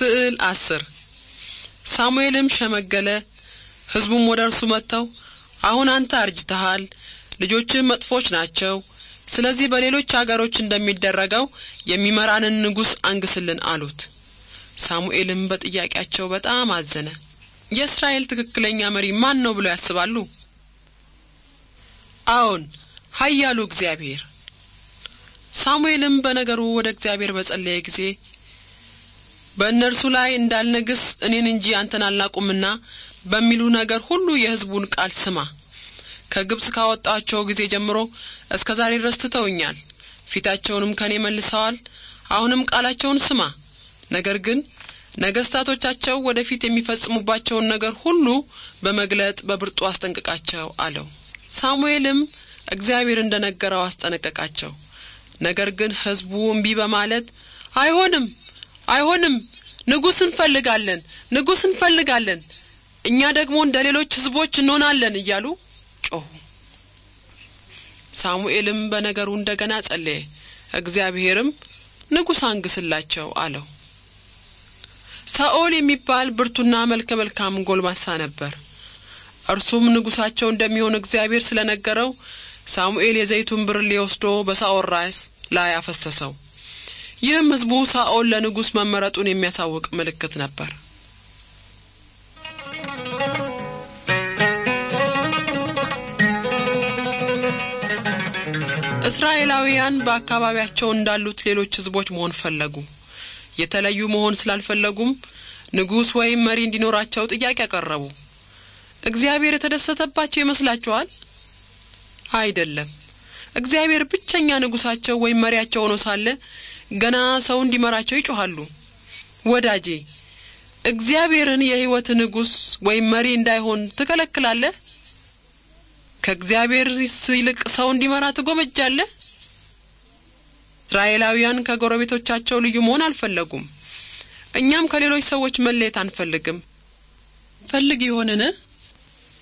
ስዕል አስር ሳሙኤልም ሸመገለ፣ ሕዝቡም ወደ እርሱ መጥተው አሁን አንተ አርጅተሃል፣ ልጆችህ መጥፎች ናቸው። ስለዚህ በሌሎች አገሮች እንደሚደረገው የሚመራንን ንጉሥ አንግስልን አሉት። ሳሙኤልም በጥያቄያቸው በጣም አዘነ። የእስራኤል ትክክለኛ መሪ ማን ነው ብለው ያስባሉ? አዎን፣ ኃያሉ እግዚአብሔር። ሳሙኤልም በነገሩ ወደ እግዚአብሔር በጸለየ ጊዜ በእነርሱ ላይ እንዳልነግስ እኔን እንጂ አንተን አላቁምና በሚሉ ነገር ሁሉ የሕዝቡን ቃል ስማ። ከግብጽ ካወጣቸው ጊዜ ጀምሮ እስከ ዛሬ ድረስ ትተውኛል፣ ፊታቸውንም ከኔ መልሰዋል። አሁንም ቃላቸውን ስማ። ነገር ግን ነገስታቶቻቸው ወደፊት የሚፈጽሙባቸውን ነገር ሁሉ በመግለጥ በብርጡ አስጠንቅቃቸው አለው። ሳሙኤልም እግዚአብሔር እንደ ነገረው አስጠነቀቃቸው። ነገር ግን ሕዝቡ እምቢ በማለት አይሆንም አይሆንም፣ ንጉሥ እንፈልጋለን፣ ንጉሥ እንፈልጋለን፣ እኛ ደግሞ እንደ ሌሎች ሕዝቦች እንሆናለን እያሉ ጮኹ። ሳሙኤልም በነገሩ እንደ ገና ጸለየ። እግዚአብሔርም ንጉሥ አንግስላቸው አለው። ሳኦል የሚባል ብርቱና መልከ መልካም ጎልማሳ ነበር። እርሱም ንጉሳቸው እንደሚሆን እግዚአብሔር ስለነገረው ሳሙኤል የዘይቱን ብርሌ ወስዶ በሳኦል ራስ ላይ አፈሰሰው። ይህም ህዝቡ ሳኦል ለንጉሥ መመረጡን የሚያሳውቅ ምልክት ነበር። እስራኤላውያን በአካባቢያቸው እንዳሉት ሌሎች ህዝቦች መሆን ፈለጉ። የተለዩ መሆን ስላልፈለጉም ንጉሥ ወይም መሪ እንዲኖራቸው ጥያቄ አቀረቡ። እግዚአብሔር የተደሰተባቸው ይመስላችኋል? አይደለም። እግዚአብሔር ብቸኛ ንጉሳቸው ወይም መሪያቸው ሆኖ ሳለ ገና ሰው እንዲመራቸው ይጮኋሉ። ወዳጄ እግዚአብሔርን የሕይወት ንጉስ ወይም መሪ እንዳይሆን ትከለክላለህ? ከእግዚአብሔር ይልቅ ሰው እንዲመራ ትጎመጃለህ? እስራኤላውያን ከጎረቤቶቻቸው ልዩ መሆን አልፈለጉም። እኛም ከሌሎች ሰዎች መለየት አንፈልግም። ፈልግ ይሆንን?